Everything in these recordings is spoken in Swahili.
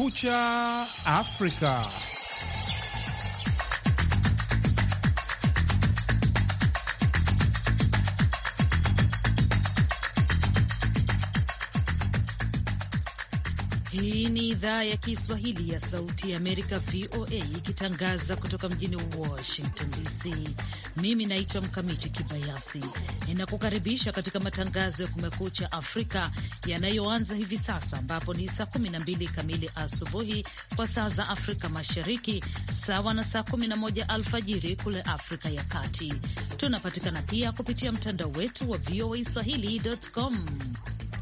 Kumekucha Afrika. Hii ni idhaa ya Kiswahili ya Sauti ya Amerika, VOA, ikitangaza kutoka mjini Washington DC. Mimi naitwa Mkamiti Kibayasi, ninakukaribisha katika matangazo ya Kumekucha Afrika yanayoanza hivi sasa, ambapo ni saa 12 kamili asubuhi kwa saa za Afrika Mashariki, sawa na saa 11 alfajiri kule Afrika ya Kati. Tunapatikana pia kupitia mtandao wetu wa voa swahili.com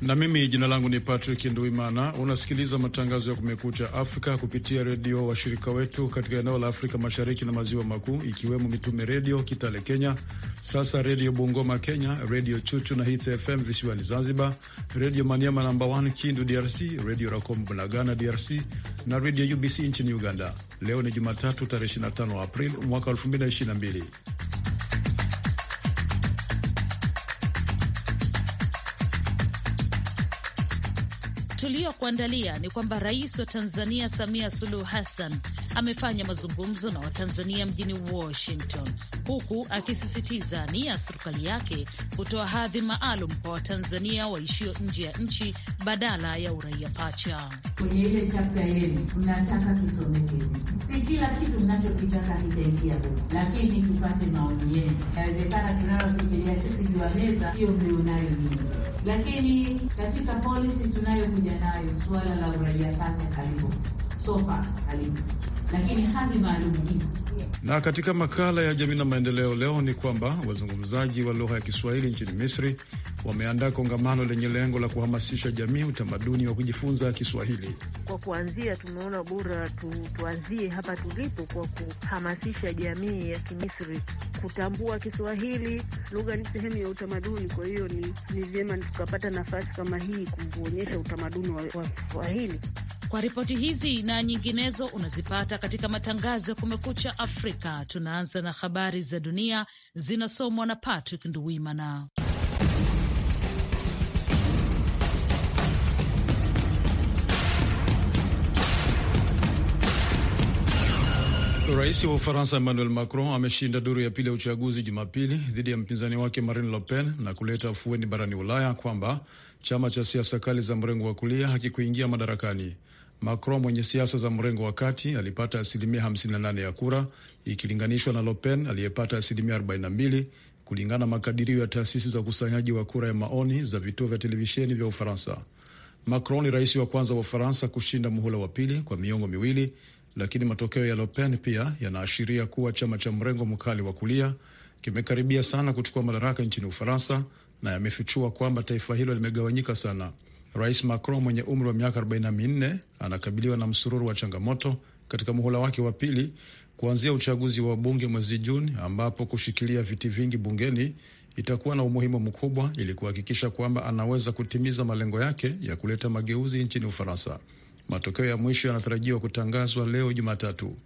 na mimi jina langu ni Patrick Nduimana. Unasikiliza matangazo ya Kumekucha Afrika kupitia redio washirika wetu katika eneo la Afrika Mashariki na Maziwa Makuu, ikiwemo Mitume Redio Kitale Kenya, Sasa Redio Bungoma Kenya, Redio Chuchu na Hits FM visiwani Zanzibar, Redio Maniama namba 1 Kindu DRC, Redio Racom Bunagana DRC na Redio UBC nchini Uganda. Leo ni Jumatatu tarehe 25 Aprili mwaka 2022. tuliokuandalia ni kwamba rais wa Tanzania Samia Suluhu Hassan amefanya mazungumzo na Watanzania mjini Washington, huku akisisitiza nia ya serikali yake kutoa hadhi maalum kwa Watanzania waishio nje ya nchi badala ya uraia pacha. Kwenye ile chapta yenu mnataka tusomekeni, si kila kitu mnachokitaka kitaingia lakini tupate maoni yenu. Nawezekana tunayofikiria sisi juu ya meza hiyo mlionayo nyingi, lakini katika polisi tunayokuja y Venezuela, la tan Sánchez, alipo, lakini maalum na katika makala ya jamii na maendeleo leo ni kwamba wazungumzaji wa lugha ya Kiswahili nchini Misri wameandaa kongamano lenye lengo la kuhamasisha jamii utamaduni wa kujifunza Kiswahili. Kwa kuanzia, tumeona bora tu, tuanzie hapa tulipo kwa kuhamasisha jamii ya Kimisri kutambua Kiswahili. Lugha ni sehemu ya utamaduni, kwa hiyo ni, ni vyema tukapata nafasi kama hii kuonyesha utamaduni wa Kiswahili. Kwa ripoti hizi na nyinginezo unazipata katika matangazo ya Kumekucha Afrika. Tunaanza na habari za dunia zinasomwa na Patrick Nduwimana. Rais wa Ufaransa Emmanuel Macron ameshinda duru ya pili ya uchaguzi Jumapili dhidi ya mpinzani wake Marine Le Pen na kuleta afueni barani Ulaya kwamba chama cha siasa kali za mrengo wa kulia hakikuingia madarakani. Macron mwenye siasa za mrengo wa kati alipata asilimia 58 ya kura ikilinganishwa na Le Pen aliyepata asilimia 42 kulingana na makadirio ya taasisi za ukusanyaji wa kura ya maoni za vituo vya televisheni vya Ufaransa. Macron ni rais wa kwanza wa Ufaransa kushinda muhula wa pili kwa miongo miwili, lakini matokeo ya Le Pen pia yanaashiria kuwa chama cha mrengo mkali wa kulia kimekaribia sana kuchukua madaraka nchini Ufaransa na yamefichua kwamba taifa hilo limegawanyika sana. Rais Macron mwenye umri wa miaka 44 anakabiliwa na msururu wa changamoto katika muhula wake wa pili kuanzia uchaguzi wa bunge mwezi Juni, ambapo kushikilia viti vingi bungeni itakuwa na umuhimu mkubwa ili kuhakikisha kwamba anaweza kutimiza malengo yake ya kuleta mageuzi nchini Ufaransa. Matokeo ya mwisho yanatarajiwa kutangazwa leo Jumatatu.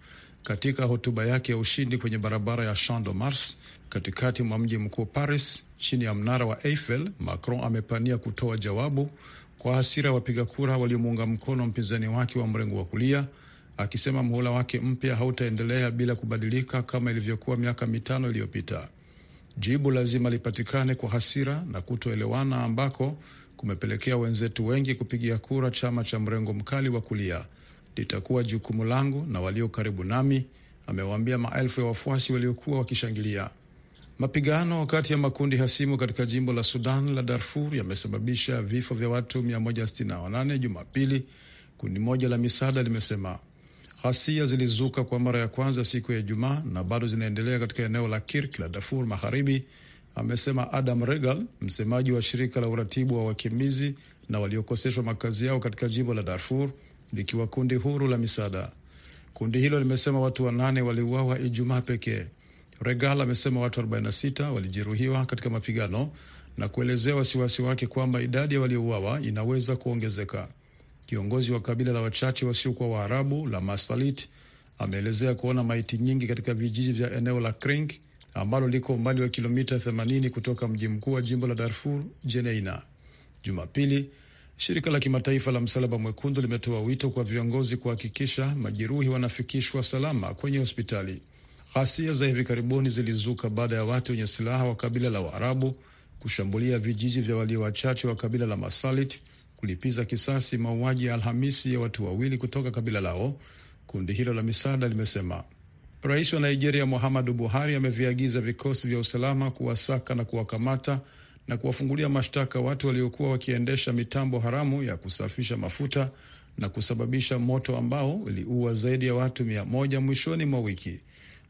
Katika hotuba yake ya ushindi kwenye barabara ya Champ de Mars katikati mwa mji mkuu Paris, chini ya mnara wa Eiffel, Macron amepania kutoa jawabu kwa hasira wapiga kura waliomuunga mkono mpinzani wake wa mrengo wa kulia akisema muhula wake mpya hautaendelea bila kubadilika kama ilivyokuwa miaka mitano iliyopita. Jibu lazima lipatikane kwa hasira na kutoelewana ambako kumepelekea wenzetu wengi kupigia kura chama cha mrengo mkali wa kulia. Litakuwa jukumu langu na walio karibu nami, amewaambia maelfu ya wafuasi waliokuwa wakishangilia. Mapigano kati ya makundi hasimu katika jimbo la Sudan la Darfur yamesababisha vifo vya watu 168 Jumapili, kundi moja la misaada limesema. Ghasia zilizuka kwa mara ya kwanza siku ya Ijumaa na bado zinaendelea katika eneo la Kirk la Darfur Magharibi, amesema Adam Regal, msemaji wa shirika la uratibu wa wakimbizi na waliokoseshwa makazi yao katika jimbo la Darfur, likiwa kundi huru la misaada. Kundi hilo limesema watu wanane waliuawa Ijumaa pekee. Regal amesema watu 46 walijeruhiwa katika mapigano na kuelezea wasiwasi wake kwamba idadi ya waliouawa inaweza kuongezeka. Kiongozi wa kabila la wachache wasiokuwa Waarabu la Masalit ameelezea kuona maiti nyingi katika vijiji vya eneo la Krink ambalo liko umbali wa kilomita 80 kutoka mji mkuu wa jimbo la Darfur, Jeneina. Jumapili, shirika la kimataifa la Msalaba Mwekundu limetoa wito kwa viongozi kuhakikisha majeruhi wanafikishwa salama kwenye hospitali. Ghasia za hivi karibuni zilizuka baada ya watu wenye silaha wa kabila la Waarabu kushambulia vijiji vya walio wachache wa kabila la Masalit kulipiza kisasi mauaji ya Alhamisi ya watu wawili kutoka kabila lao, kundi hilo la misaada limesema. Rais wa Nigeria Muhammadu Buhari ameviagiza vikosi vya usalama kuwasaka na kuwakamata na kuwafungulia mashtaka watu waliokuwa wakiendesha mitambo haramu ya kusafisha mafuta na kusababisha moto ambao uliua zaidi ya watu mia moja mwishoni mwa wiki.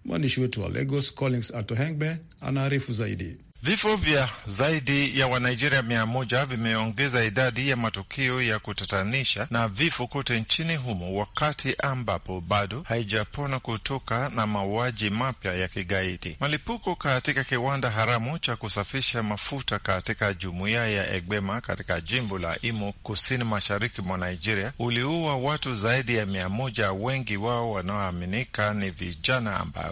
Mwandishi wetu wa Lagos, Collins Atohengbe, anaarifu zaidi. Vifo vya zaidi ya Wanigeria mia moja vimeongeza idadi ya matukio ya kutatanisha na vifo kote nchini humo, wakati ambapo bado haijapona kutoka na mauaji mapya ya kigaidi. Malipuko katika kiwanda haramu cha kusafisha mafuta katika jumuiya ya Egbema katika jimbo la Imo kusini mashariki mwa Nigeria uliua watu zaidi ya mia moja, wengi wao wanaoaminika ni vijana ambao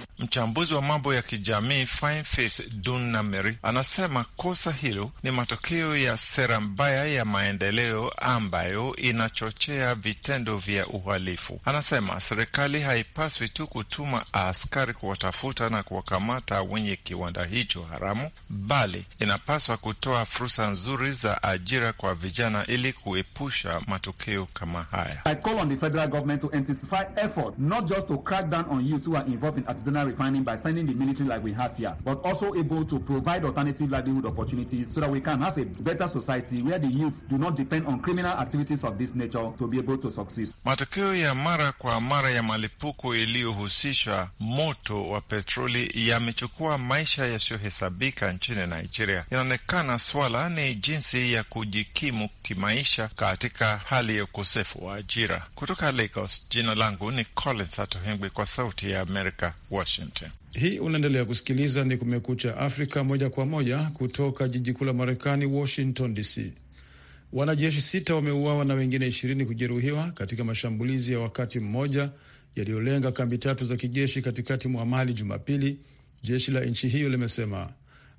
Mchambuzi wa mambo ya kijamii Fineface Dunnamery anasema kosa hilo ni matokeo ya sera mbaya ya maendeleo ambayo inachochea vitendo vya uhalifu. Anasema serikali haipaswi tu kutuma askari kuwatafuta na kuwakamata wenye kiwanda hicho haramu, bali inapaswa kutoa fursa nzuri za ajira kwa vijana ili kuepusha matokeo kama haya. I call on the refining by sending the military like we have here, but also able to provide alternative livelihood opportunities so that we can have a better society where the youth do not depend on criminal activities of this nature to be able to succeed. Matokeo ya mara kwa mara ya malipuko iliyohusisha moto wa petroli yamechukua maisha yasiyohesabika nchini Nigeria. Inaonekana swala ni jinsi ya kujikimu kimaisha katika hali ya ukosefu wa ajira. Kutoka Lagos, jina langu ni Collins Atohengwi, kwa Sauti ya Amerika, Washington. Washington. Hii unaendelea kusikiliza ni Kumekucha Afrika moja kwa moja kutoka jiji kuu la Marekani, Washington DC. Wanajeshi sita wameuawa na wengine ishirini kujeruhiwa katika mashambulizi ya wakati mmoja yaliyolenga kambi tatu za kijeshi katikati mwa Mali Jumapili, jeshi la nchi hiyo limesema.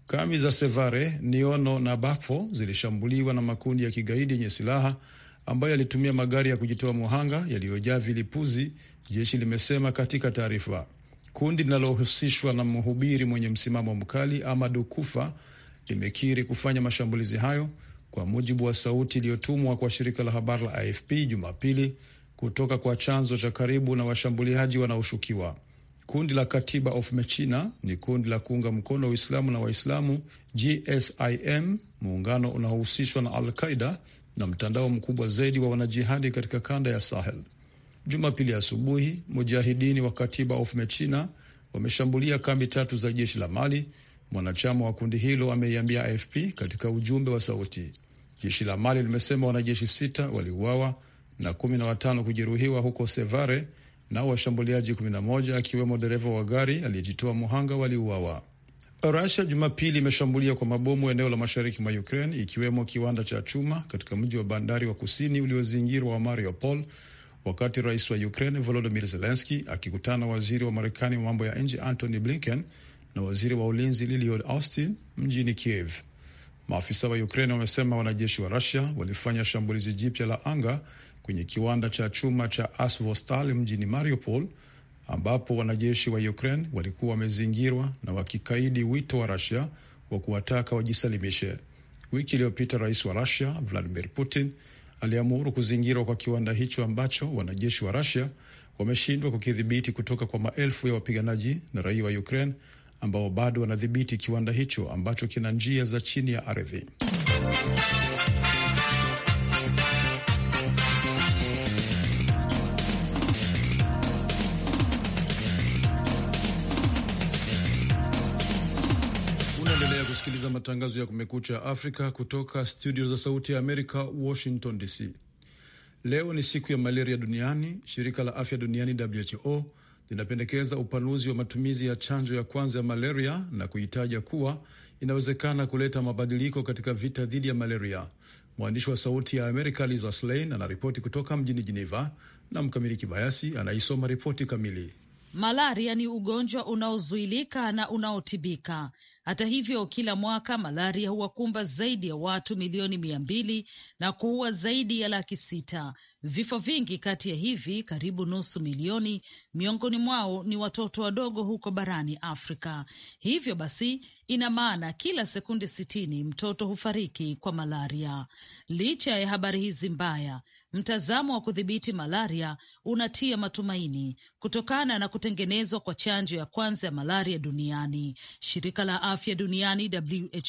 Kambi za Sevare, Niono na Bafo zilishambuliwa na makundi ya kigaidi yenye silaha ambayo yalitumia magari ya kujitoa muhanga yaliyojaa vilipuzi, jeshi limesema katika taarifa. Kundi linalohusishwa na mhubiri mwenye msimamo mkali Amadu Kufa limekiri kufanya mashambulizi hayo, kwa mujibu wa sauti iliyotumwa kwa shirika la habari la AFP Jumapili kutoka kwa chanzo cha karibu na washambuliaji wanaoshukiwa. Kundi la Katiba of Mechina ni kundi la kuunga mkono Uislamu na Waislamu, GSIM, muungano unaohusishwa na Al Qaida na mtandao mkubwa zaidi wa wanajihadi katika kanda ya Sahel. Jumapili asubuhi, mujahidini wa katiba of Mechina wameshambulia kambi tatu za jeshi la Mali. Mwanachama wa kundi hilo ameiambia AFP katika ujumbe wa sauti. Jeshi la Mali limesema wanajeshi sita waliuawa na kumi na watano kujeruhiwa huko Sevare, nao washambuliaji kumi na moja akiwemo dereva wa gari aliyejitoa muhanga waliuawa. Rasia Jumapili imeshambulia kwa mabomu eneo la mashariki mwa Ukraine, ikiwemo kiwanda cha chuma katika mji wa bandari wa kusini uliozingirwa wa Mariupol wakati rais wa Ukraine Volodymyr Zelensky akikutana na waziri wa Marekani wa mambo ya nje Antony Blinken na waziri wa ulinzi Lloyd Austin mjini Kiev. Maafisa wa Ukraine wamesema wanajeshi wa Rusia walifanya shambulizi jipya la anga kwenye kiwanda cha chuma cha Azovstal mjini Mariupol, ambapo wanajeshi wa Ukraine walikuwa wamezingirwa na wakikaidi wito wa rasia wa kuwataka wajisalimishe. Wiki iliyopita rais wa rasia Vladimir Putin aliamuru kuzingirwa kwa kiwanda hicho ambacho wanajeshi wa Rusia wameshindwa kukidhibiti kutoka kwa maelfu ya wapiganaji na raia wa Ukraine ambao bado wanadhibiti kiwanda hicho ambacho kina njia za chini ya ardhi. matangazo ya Kumekucha Afrika kutoka studio za Sauti ya Amerika, Washington DC. Leo ni siku ya malaria duniani. Shirika la Afya Duniani, WHO, linapendekeza upanuzi wa matumizi ya chanjo ya kwanza ya malaria na kuitaja kuwa inawezekana kuleta mabadiliko katika vita dhidi ya malaria. Mwandishi wa Sauti ya Amerika Lisa Schlein anaripoti kutoka mjini Geneva na Mkamili Kibayasi anaisoma ripoti kamili. Malaria ni ugonjwa unaozuilika na unaotibika. Hata hivyo, kila mwaka malaria huwakumba zaidi ya watu milioni mia mbili na kuua zaidi ya laki sita. Vifo vingi kati ya hivi, karibu nusu milioni, miongoni mwao ni watoto wadogo huko barani Afrika. Hivyo basi, ina maana kila sekunde sitini mtoto hufariki kwa malaria. Licha ya habari hizi mbaya Mtazamo wa kudhibiti malaria unatia matumaini kutokana na kutengenezwa kwa chanjo ya kwanza ya malaria duniani. Shirika la afya duniani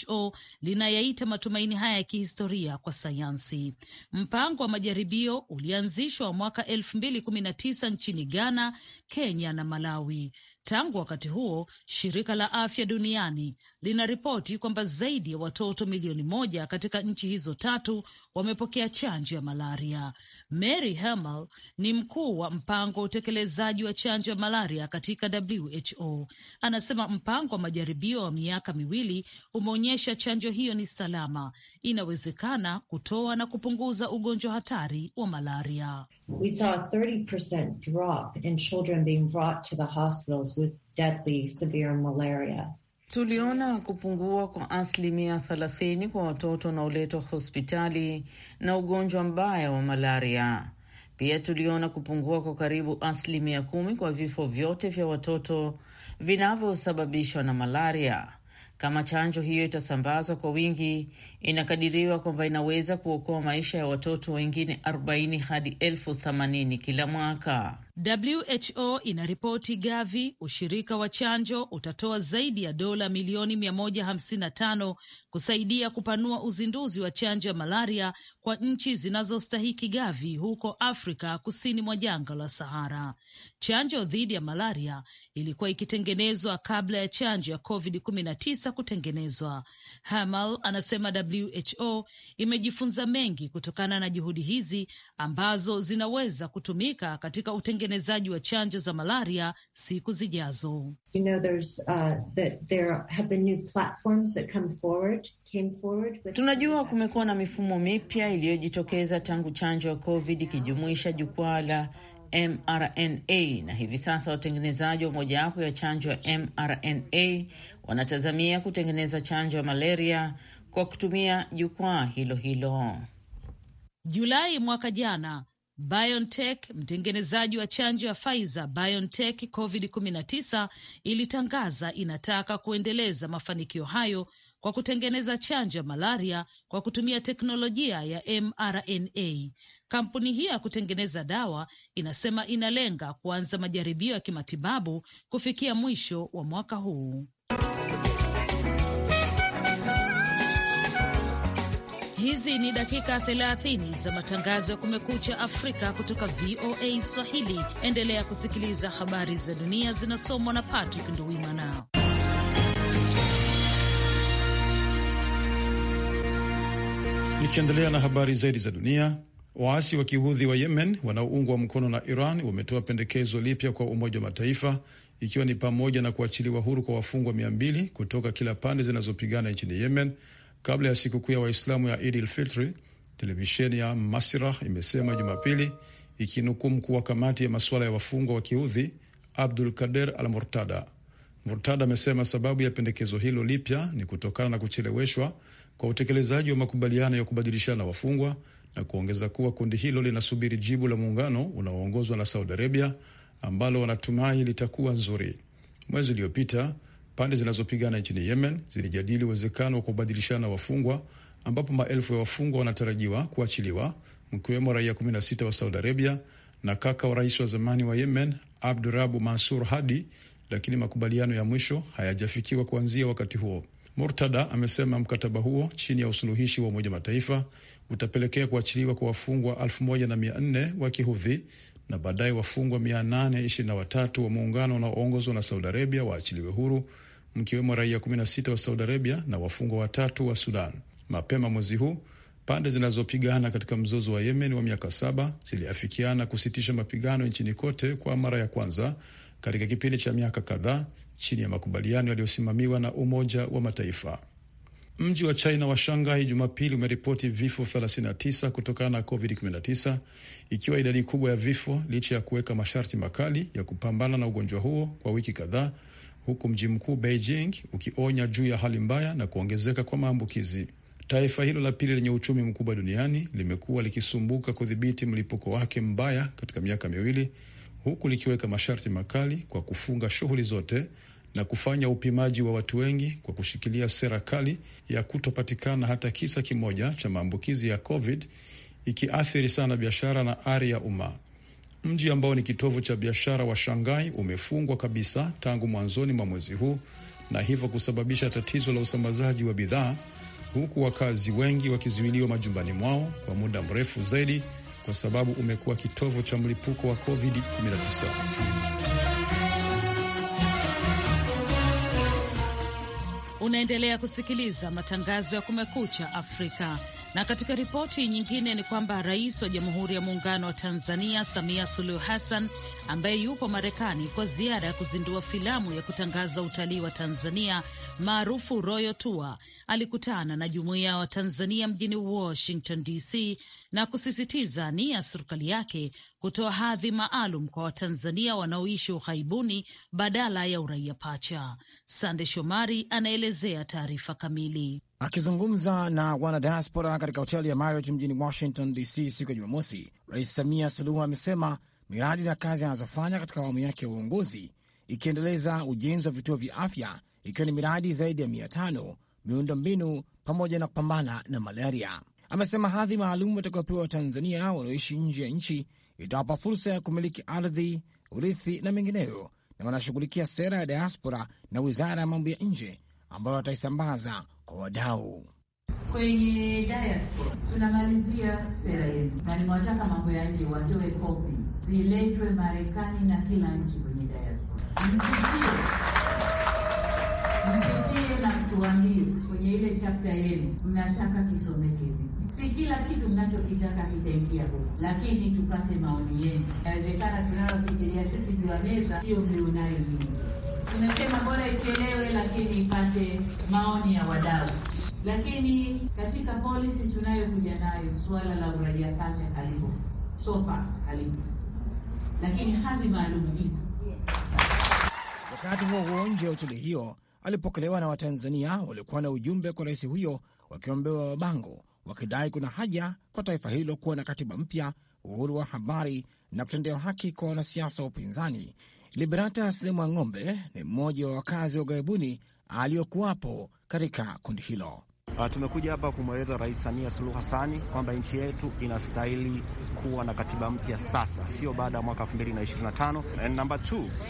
WHO linayaita matumaini haya ya kihistoria kwa sayansi. Mpango wa majaribio ulianzishwa mwaka elfu mbili kumi na tisa nchini Ghana, Kenya na Malawi. Tangu wakati huo shirika la afya duniani linaripoti kwamba zaidi ya watoto milioni moja katika nchi hizo tatu wamepokea chanjo ya malaria. Mary Hamel ni mkuu wa mpango wa utekelezaji wa chanjo ya malaria katika WHO. Anasema mpango wa majaribio wa miaka miwili umeonyesha chanjo hiyo ni salama, inawezekana kutoa na kupunguza ugonjwa hatari wa malaria. We saw a 30% drop in children being brought to the hospitals with deadly severe malaria. Tuliona kupungua kwa asilimia thelathini kwa watoto wanaoletwa hospitali na ugonjwa mbaya wa malaria. Pia tuliona kupungua kwa karibu asilimia kumi kwa vifo vyote vya watoto vinavyosababishwa na malaria. Kama chanjo hiyo itasambazwa kwa wingi, inakadiriwa kwamba inaweza kuokoa maisha ya watoto wengine 40 hadi elfu 80 kila mwaka. WHO inaripoti Gavi, ushirika wa chanjo, utatoa zaidi ya dola milioni 155 kusaidia kupanua uzinduzi wa chanjo ya malaria kwa nchi zinazostahiki Gavi huko Afrika kusini mwa jangwa la Sahara. Chanjo dhidi ya malaria ilikuwa ikitengenezwa kabla ya chanjo ya COVID-19 kutengenezwa. Hamal anasema WHO imejifunza mengi kutokana na juhudi hizi ambazo zinaweza kutumika katika utengenezaji utengenezaji wa chanjo za malaria siku zijazo. You know, uh, Tunajua kumekuwa na mifumo mipya iliyojitokeza tangu chanjo ya COVID ikijumuisha jukwaa la mRNA na hivi sasa watengenezaji wa mojawapo ya chanjo ya mRNA wanatazamia kutengeneza chanjo ya malaria kwa kutumia jukwaa hilo hilo. Julai mwaka jana BioNTech, mtengenezaji wa chanjo ya Pfizer BioNTech COVID-19, ilitangaza inataka kuendeleza mafanikio hayo kwa kutengeneza chanjo ya malaria kwa kutumia teknolojia ya mRNA. Kampuni hiyo ya kutengeneza dawa inasema inalenga kuanza majaribio ya kimatibabu kufikia mwisho wa mwaka huu. Hizi ni dakika 30 za matangazo ya Kumekucha Afrika kutoka VOA Swahili. Endelea kusikiliza habari za dunia zinasomwa na Patrick Nduwimana. Nikiendelea na habari zaidi za dunia, waasi wa kihudhi wa Yemen wanaoungwa mkono na Iran wametoa pendekezo lipya kwa Umoja wa Mataifa, ikiwa ni pamoja na kuachiliwa huru kwa wafungwa mia mbili kutoka kila pande zinazopigana nchini Yemen kabla ya sikukuu ya Waislamu ya Idil Fitri. Televisheni ya Masirah imesema Jumapili, ikinukuu mkuu wa kamati ya masuala ya wafungwa wa kiudhi Abdul Kader Al Murtada. Murtada amesema sababu ya pendekezo hilo lipya ni kutokana na kucheleweshwa kwa utekelezaji wa makubaliano ya kubadilishana wafungwa na kuongeza kuwa kundi hilo linasubiri jibu la muungano unaoongozwa na Saudi Arabia ambalo wanatumai litakuwa nzuri. Mwezi uliopita Pande zinazopigana nchini Yemen zilijadili uwezekano wa kubadilishana wafungwa, ambapo maelfu ya wafungwa wanatarajiwa kuachiliwa, mkiwemo raia 16 wa Saudi Arabia na kaka wa rais wa zamani wa Yemen Abdurabu Mansur Hadi, lakini makubaliano ya mwisho hayajafikiwa kuanzia wakati huo. Murtada amesema mkataba huo chini ya usuluhishi wa Umoja Mataifa utapelekea kuachiliwa kwa wafungwa elfu wa Kihudhi na baadaye wafungwa 823 wa muungano unaoongozwa na Saudi Arabia waachiliwe huru, mkiwemo raia 16 wa Saudi Arabia na wafungwa watatu wa Sudan. Mapema mwezi huu pande zinazopigana katika mzozo wa Yemen wa miaka saba ziliafikiana kusitisha mapigano nchini kote kwa mara ya kwanza katika kipindi cha miaka kadhaa chini ya makubaliano yaliyosimamiwa na Umoja wa Mataifa. Mji wa China wa Shanghai Jumapili umeripoti vifo 39 kutokana na COVID-19, ikiwa idadi kubwa ya vifo licha ya kuweka masharti makali ya kupambana na ugonjwa huo kwa wiki kadhaa, huku mji mkuu Beijing ukionya juu ya hali mbaya na kuongezeka kwa maambukizi. Taifa hilo la pili lenye uchumi mkubwa duniani limekuwa likisumbuka kudhibiti mlipuko wake mbaya katika miaka miwili, huku likiweka masharti makali kwa kufunga shughuli zote na kufanya upimaji wa watu wengi kwa kushikilia sera kali ya kutopatikana hata kisa kimoja cha maambukizi ya COVID, ikiathiri sana biashara na ari ya umma. Mji ambao ni kitovu cha biashara wa Shanghai umefungwa kabisa tangu mwanzoni mwa mwezi huu na hivyo kusababisha tatizo la usambazaji wa bidhaa, huku wakazi wengi wakizuiliwa majumbani mwao kwa muda mrefu zaidi, kwa sababu umekuwa kitovu cha mlipuko wa COVID-19. Unaendelea kusikiliza matangazo ya Kumekucha Afrika na katika ripoti nyingine ni kwamba rais wa Jamhuri ya Muungano wa Tanzania Samia Suluhu Hassan, ambaye yupo Marekani kwa ziara ya kuzindua filamu ya kutangaza utalii wa Tanzania maarufu Royal Tour, alikutana na jumuiya wa Tanzania mjini Washington DC na kusisitiza nia ya serikali yake kutoa hadhi maalum kwa Watanzania wanaoishi ughaibuni badala ya uraia pacha. Sande Shomari anaelezea taarifa kamili. Akizungumza na wanadiaspora katika hoteli ya Marriott mjini Washington DC siku ya Jumamosi, Rais Samia Suluhu amesema miradi na kazi anazofanya katika awamu yake ya uongozi, ikiendeleza ujenzi wa vituo vya afya, ikiwa ni miradi zaidi ya mia tano, mbinu pamoja na kupambana na malaria. Amesema hadhi maalum watakaopewa Watanzania wanaoishi nje ya nchi itawapa fursa ya kumiliki ardhi, urithi na mengineyo, na wanashughulikia sera ya diaspora na wizara ya mambo ya nje ambayo wataisambaza kwa wadau. Kwenye diaspora tunamalizia sera yenu, na nimewataka mambo ya nje watoe kopi ziletwe Marekani na kila nchi kwenye diaspora, mpitie na mtuambie kwenye ile chapta yenu mnataka kisomeke si kila kitu mnachokitaka kitaingia huko, lakini tupate maoni yenu. Inawezekana tunalofikiria sisi juu ya meza hiyo mlionayo nyingi Tumesema bora ichelewe, lakini ipate maoni ya wadau. Lakini katika policy tunayokuja nayo suala la uraia pacha kalipo, sofa kalipo, lakini hadhi maalum iko. Wakati huo huo, nje ya hoteli hiyo alipokelewa na Watanzania waliokuwa na ujumbe kwa rais huyo, wakiombewa mabango wakidai kuna haja kwa taifa hilo kuwa na katiba mpya, uhuru wa habari na kutendewa haki kwa wanasiasa wa upinzani liberata Liberatas ng'ombe ni mmoja wa wakazi wa ughaibuni aliyokuwapo katika kundi hilo. Ah, tumekuja hapa kumweleza Rais Samia Suluhu hasani kwamba nchi yetu inastahili kuwa na katiba mpya sasa, sio baada ya mwaka 2025. Namba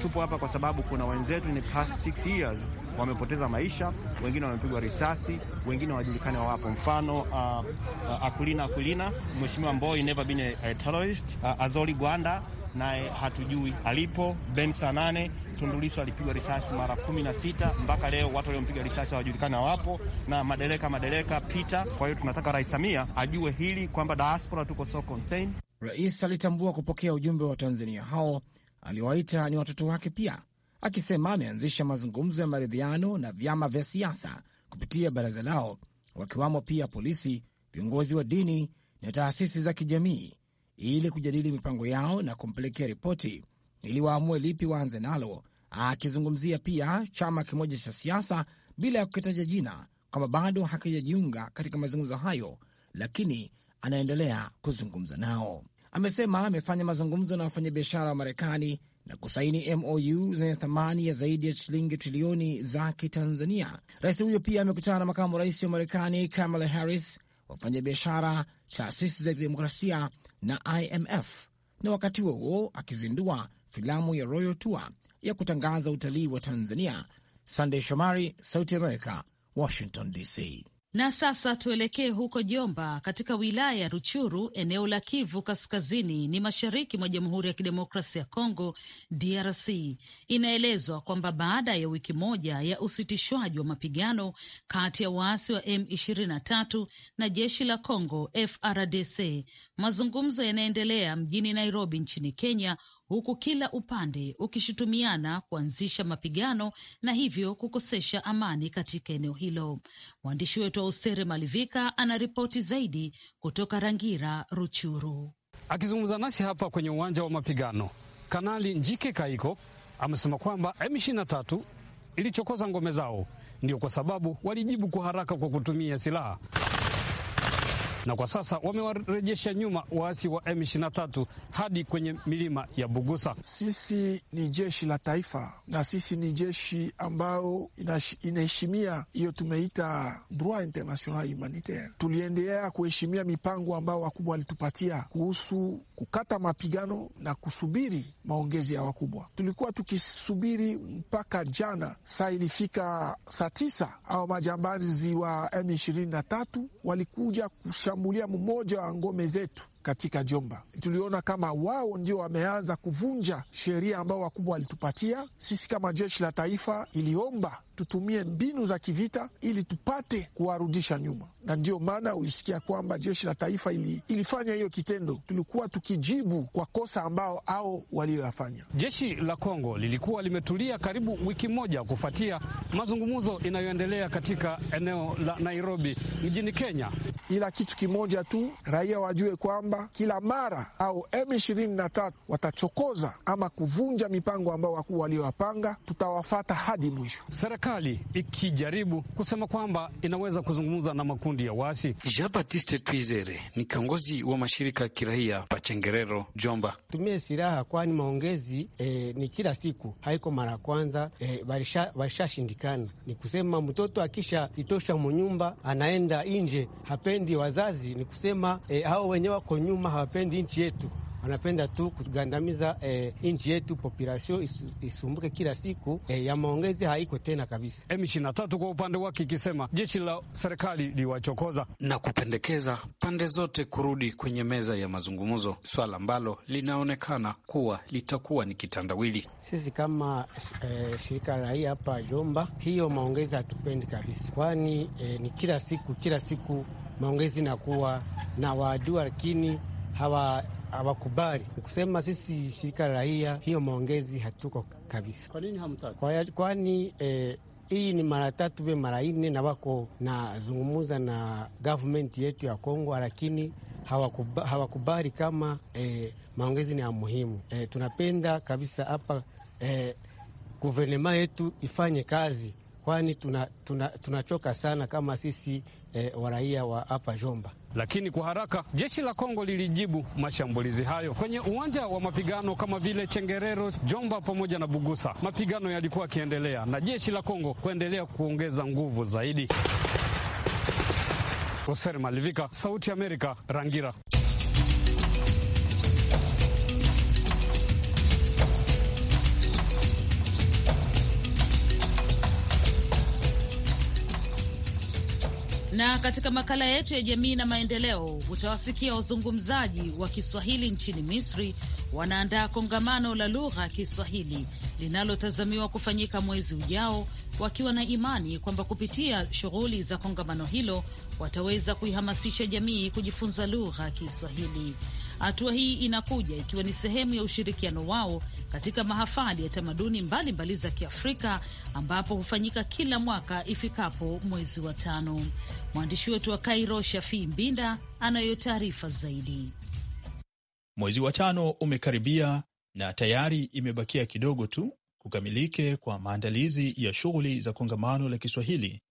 tupo hapa kwa sababu kuna wenzetu ni past years wamepoteza maisha, wengine wamepigwa risasi, wengine wajulikane wawapo. Mfano uh, uh, Akulina Akulina, Mheshimiwa Mboi never been a, a terrorist. Uh, Azori Gwanda naye hatujui alipo. Ben Sanane, Tundulisu alipigwa risasi mara kumi na sita mpaka leo watu waliompiga risasi hawajulikana wapo, na madereka madereka pita. Kwa hiyo tunataka Rais Samia ajue hili kwamba diaspora tuko so concerned. Rais alitambua kupokea ujumbe wa Watanzania hao aliowaita ni watoto wake pia, akisema ameanzisha mazungumzo ya maridhiano na vyama vya siasa kupitia baraza lao, wakiwamo pia polisi, viongozi wa dini na taasisi za kijamii ili kujadili mipango yao na kumpelekea ripoti ili waamue lipi waanze nalo, akizungumzia pia chama kimoja cha siasa bila ya kukitaja jina kwamba bado hakijajiunga katika mazungumzo hayo, lakini anaendelea kuzungumza nao. Amesema amefanya mazungumzo na wafanyabiashara wa Marekani na kusaini MOU zenye thamani ya zaidi ya shilingi trilioni za Kitanzania. Rais huyo pia amekutana na makamu rais wa Marekani Kamala Harris, wafanyabiashara, taasisi za kidemokrasia na IMF, na wakati huo huo akizindua filamu ya Royal Tour ya kutangaza utalii wa Tanzania. Sandey Shomari, Sauti America, Washington DC. Na sasa tuelekee huko Jomba katika wilaya ya Ruchuru, eneo la Kivu Kaskazini, ni mashariki mwa Jamhuri ya Kidemokrasia ya Kongo, DRC. Inaelezwa kwamba baada ya wiki moja ya usitishwaji wa mapigano kati ya waasi wa M23 na jeshi la Kongo, FRDC, mazungumzo yanaendelea mjini Nairobi nchini Kenya huku kila upande ukishutumiana kuanzisha mapigano na hivyo kukosesha amani katika eneo hilo. Mwandishi wetu wa Ustere Malivika ana ripoti zaidi kutoka Rangira, Ruchuru. Akizungumza nasi hapa kwenye uwanja wa mapigano, Kanali Njike Kaiko amesema kwamba M23 ilichokoza ngome zao, ndio kwa sababu walijibu kwa haraka kwa kutumia silaha na kwa sasa wamewarejesha nyuma waasi wa M23 hadi kwenye milima ya Bugusa. Sisi ni jeshi la taifa na sisi ni jeshi ambayo inaheshimia hiyo tumeita droit international humanitaire. Tuliendelea kuheshimia mipango ambayo wakubwa walitupatia kuhusu kukata mapigano na kusubiri maongezi ya wakubwa. Tulikuwa tukisubiri mpaka jana, saa ilifika saa tisa au majambazi wa M23 walikuja kusha kushambulia mmoja wa ngome zetu katika Jomba. Tuliona kama wao ndio wameanza kuvunja sheria ambao wakubwa walitupatia sisi. Kama jeshi la taifa iliomba tutumie mbinu za kivita ili tupate kuwarudisha nyuma, na ndiyo maana ulisikia kwamba jeshi la taifa ili, ilifanya hiyo kitendo. Tulikuwa tukijibu kwa kosa ambao au walioyafanya. Jeshi la Kongo lilikuwa limetulia karibu wiki moja kufuatia mazungumzo inayoendelea katika eneo la Nairobi mjini Kenya, ila kitu kimoja tu raia wajue kwamba kila mara au M23 watachokoza ama kuvunja mipango ambao wakuu waliowapanga, tutawafata hadi mwisho serikali ikijaribu kusema kwamba inaweza kuzungumza na makundi ya waasi. Jean Baptiste Twizere ni kiongozi wa mashirika ya kiraia Pachengerero, Jomba. Tumie silaha, kwani maongezi e, ni kila siku, haiko mara ya kwanza e, eh, walishashindikana. Ni kusema mtoto akisha itosha munyumba anaenda nje, hapendi wazazi. Ni kusema e, hao wenyewe wako nyuma, hawapendi nchi yetu wanapenda tu kugandamiza eh, nchi yetu, population isumbuke kila siku eh, ya maongezi haiko tena kabisa. M23 kwa upande wake ikisema jeshi la serikali liwachokoza na kupendekeza pande zote kurudi kwenye meza ya mazungumzo, swala ambalo linaonekana kuwa litakuwa ni kitandawili. Sisi kama eh, shirika la raia hapa Jomba, hiyo maongezi hatupendi kabisa, kwani eh, ni kila siku kila siku maongezi nakuwa na waadua, lakini hawa hawakubali. kusema sisi shirika la raia, hiyo maongezi hatuko kabisa. Kwa nini hamtaki? Kwa, kwani eh, hii ni mara tatu e mara ine na wako nazungumuza na gavumenti yetu ya Kongo, lakini hawakubali, hawakubali kama eh, maongezi ni ya muhimu. Eh, tunapenda kabisa hapa eh, guvernema yetu ifanye kazi, kwani tunachoka tuna, tuna sana kama sisi eh, waraia wa hapa Jomba lakini kwa haraka jeshi la Kongo lilijibu mashambulizi hayo kwenye uwanja wa mapigano kama vile Chengerero, Jomba pamoja na Bugusa. Mapigano yalikuwa yakiendelea na jeshi la Kongo kuendelea kuongeza nguvu zaidi. Hoser Malivika, Sauti ya Amerika, Rangira. Na katika makala yetu ya jamii na maendeleo utawasikia wazungumzaji wa Kiswahili nchini Misri wanaandaa kongamano la lugha ya Kiswahili linalotazamiwa kufanyika mwezi ujao, wakiwa na imani kwamba kupitia shughuli za kongamano hilo wataweza kuihamasisha jamii kujifunza lugha ya Kiswahili. Hatua hii inakuja ikiwa ni sehemu ya ushirikiano wao katika mahafali ya tamaduni mbalimbali za Kiafrika ambapo hufanyika kila mwaka ifikapo mwezi wa tano. Mwandishi wetu wa Kairo, Shafii Mbinda, anayo taarifa zaidi. Mwezi wa tano umekaribia na tayari imebakia kidogo tu kukamilike kwa maandalizi ya shughuli za kongamano la Kiswahili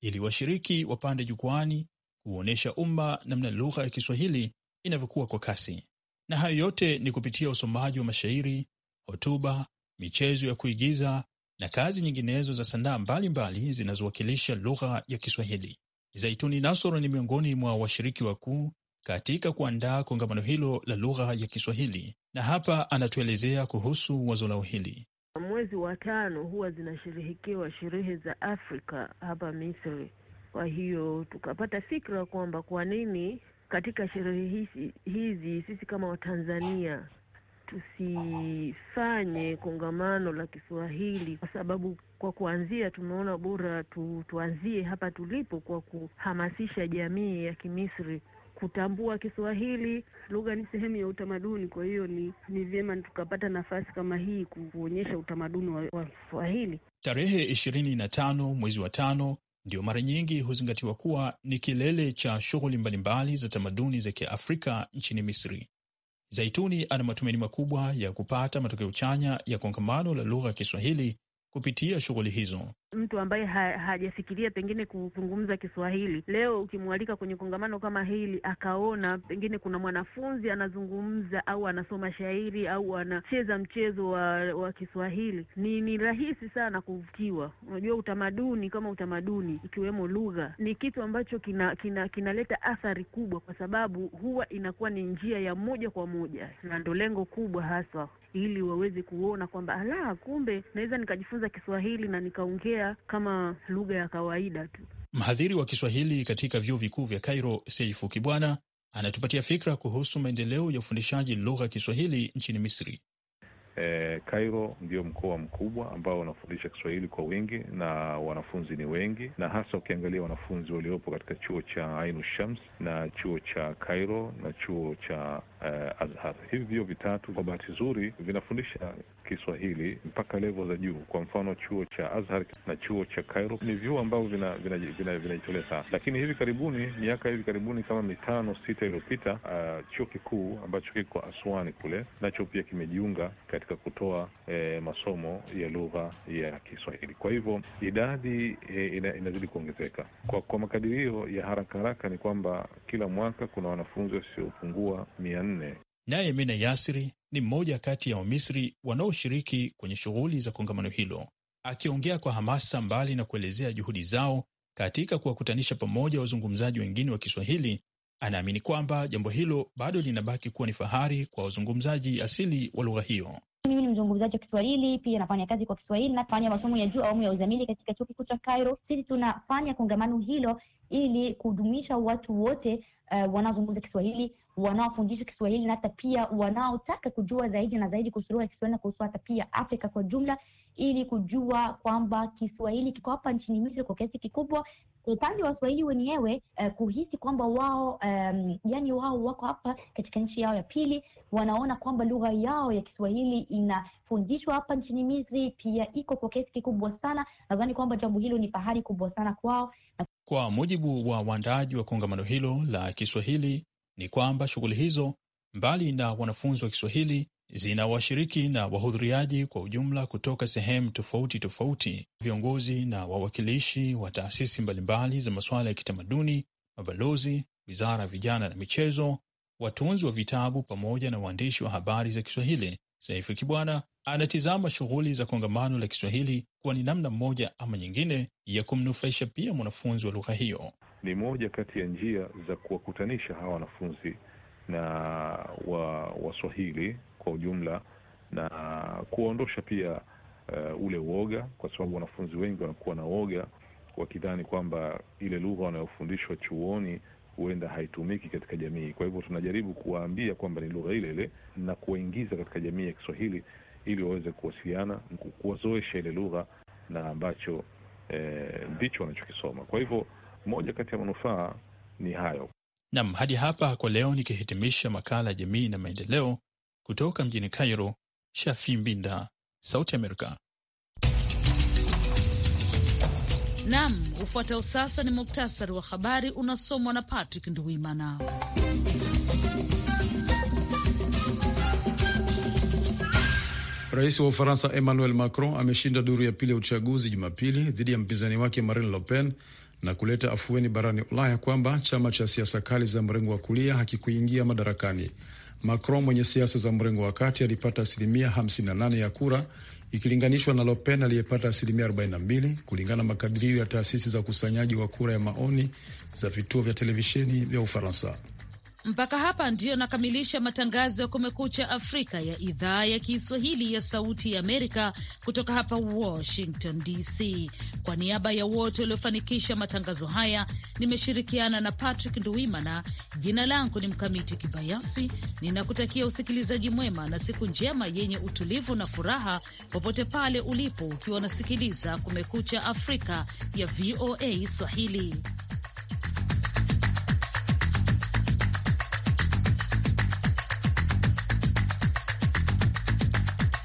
ili washiriki wapande jukwani kuonyesha umma namna lugha ya Kiswahili inavyokuwa kwa kasi, na hayo yote ni kupitia usomaji wa mashairi, hotuba, michezo ya kuigiza na kazi nyinginezo za sanaa mbalimbali zinazowakilisha lugha ya Kiswahili. Zaituni Nasoro ni miongoni mwa washiriki wakuu katika kuandaa kongamano hilo la lugha ya Kiswahili, na hapa anatuelezea kuhusu wazo lao hili. Mwezi wa tano huwa zinasherehekewa sherehe za Afrika hapa Misri. Kwa hiyo tukapata fikra kwamba kwa nini katika sherehe hizi, hizi sisi kama Watanzania tusifanye kongamano la Kiswahili kwa sababu kwa kuanzia tumeona bora tu, tuanzie hapa tulipo kwa kuhamasisha jamii ya Kimisri kutambua Kiswahili. Lugha ni sehemu ya utamaduni, kwa hiyo ni, ni vyema tukapata nafasi kama hii kuonyesha utamaduni wa Kiswahili. Tarehe ishirini na tano mwezi wa tano ndio mara nyingi huzingatiwa kuwa ni kilele cha shughuli mbalimbali za tamaduni za Kiafrika nchini Misri. Zaituni ana matumaini makubwa ya kupata matokeo chanya ya kongamano la lugha ya Kiswahili kupitia shughuli hizo mtu ambaye ha, hajafikiria pengine kuzungumza Kiswahili, leo ukimwalika kwenye kongamano kama hili, akaona pengine kuna mwanafunzi anazungumza au anasoma shairi au anacheza mchezo wa, wa Kiswahili, ni ni rahisi sana kuvutiwa. Unajua utamaduni kama utamaduni, ikiwemo lugha, ni kitu ambacho kinaleta kina, kina athari kubwa, kwa sababu huwa inakuwa ni njia ya moja kwa moja, na ndo lengo kubwa haswa ili waweze kuona kwamba ala, kumbe naweza nikajifunza Kiswahili na nikaongea kama lugha ya kawaida tu. Mhadhiri wa Kiswahili katika vyuo vikuu vya Cairo, Seifu Kibwana, anatupatia fikra kuhusu maendeleo ya ufundishaji lugha ya Kiswahili nchini Misri. Eh, Cairo ndio mkoa mkubwa ambao wanafundisha Kiswahili kwa wingi na wanafunzi ni wengi, na hasa ukiangalia wanafunzi waliopo katika chuo cha Ainu Shams na chuo cha Cairo na chuo cha eh, Azhar. Hivi vyuo vitatu kwa bahati nzuri vinafundisha Kiswahili mpaka levo za juu. Kwa mfano chuo cha Azhar na chuo cha Cairo ni vyuo ambavyo vinajitolea vina, vina, vina sana, lakini hivi karibuni, miaka hivi karibuni kama mitano sita iliyopita, uh, chuo kikuu ambacho kiko Aswani kule nacho pia kimejiunga katika kutoa e, masomo ya lugha ya Kiswahili. Kwa hivyo idadi e, ina, inazidi kuongezeka. Kwa, kwa makadirio ya haraka haraka ni kwamba kila mwaka kuna wanafunzi wasiopungua mia nne. Naye Mina Yasri ni mmoja kati ya Wamisri wanaoshiriki kwenye shughuli za kongamano hilo, akiongea kwa hamasa, mbali na kuelezea juhudi zao katika kuwakutanisha pamoja wazungumzaji wengine wa Kiswahili. Anaamini kwamba jambo hilo bado linabaki kuwa ni fahari kwa wazungumzaji asili wa lugha hiyo mzungumzaji wa Kiswahili, pia nafanya kazi kwa Kiswahili, nafanya masomo ya juu awamu ya uzamili katika chuo kikuu cha Cairo. Sisi tunafanya kongamano hilo ili kudumisha watu wote Eh, wanaozungumza Kiswahili, wanaofundisha Kiswahili na hata pia wanaotaka kujua zaidi na zaidi kuhusu lugha ya Kiswahili na kuhusu hata pia Afrika kwa jumla, ili kujua kwamba Kiswahili kiko hapa nchini Misri kwa kiasi kikubwa. Kwa upande wa Waswahili wenyewe uh, kuhisi kwamba wao um, yani wao wako hapa katika nchi yao ya pili, wanaona kwamba lugha yao ya Kiswahili inafundishwa hapa nchini Misri, pia iko kwa kiasi kikubwa sana. Nadhani kwamba jambo hilo ni fahari kubwa sana kwao. Kwa mujibu wa waandaaji wa kongamano hilo la Kiswahili ni kwamba shughuli hizo, mbali na wanafunzi wa Kiswahili, zina washiriki na wahudhuriaji kwa ujumla kutoka sehemu tofauti tofauti, viongozi na wawakilishi wa taasisi mbalimbali za masuala ya kitamaduni, mabalozi, wizara ya vijana na michezo, watunzi wa vitabu pamoja na waandishi wa habari za Kiswahili. Saifu Kibwana anatizama shughuli za kongamano la Kiswahili kuwa ni namna moja ama nyingine ya kumnufaisha pia mwanafunzi wa lugha hiyo ni moja kati ya njia za kuwakutanisha hawa wanafunzi na wa Waswahili kwa ujumla na kuwaondosha pia uh, ule uoga, kwa sababu wanafunzi wengi wanakuwa na uoga wakidhani kwamba ile lugha wanayofundishwa chuoni huenda haitumiki katika jamii. Kwa hivyo tunajaribu kuwaambia kwamba ni lugha ile ile na kuwaingiza katika jamii ya Kiswahili ili waweze kuwasiliana, kuwazoesha ile lugha na ambacho eh, ndicho eh, wanachokisoma. Kwa hivyo moja kati ya manufaa ni hayo. Nam, hadi hapa kwa leo, nikihitimisha makala ya jamii na maendeleo kutoka mjini Cairo. Shafi Mbinda, Sauti Amerika. Nam, ufuatao sasa ni muktasari wa habari unasomwa na Patrick Nduwimana. Rais wa Ufaransa Emmanuel Macron ameshinda duru ya pili ya uchaguzi Jumapili dhidi ya mpinzani wake Marine Le Pen na kuleta afueni barani Ulaya kwamba chama cha siasa kali za mrengo wa kulia hakikuingia madarakani. Macron mwenye siasa za mrengo wa kati alipata asilimia 58 ya kura ikilinganishwa na lopen aliyepata asilimia 42 kulingana na makadirio ya taasisi za ukusanyaji wa kura ya maoni za vituo vya televisheni vya Ufaransa. Mpaka hapa ndiyo nakamilisha matangazo ya Kumekucha Afrika ya idhaa ya Kiswahili ya Sauti ya Amerika kutoka hapa Washington DC. Kwa niaba ya wote waliofanikisha matangazo haya, nimeshirikiana na Patrick Nduwimana. Jina langu ni Mkamiti Kibayasi, ninakutakia usikilizaji mwema na siku njema yenye utulivu na furaha, popote pale ulipo, ukiwa unasikiliza Kumekucha Afrika ya VOA Swahili.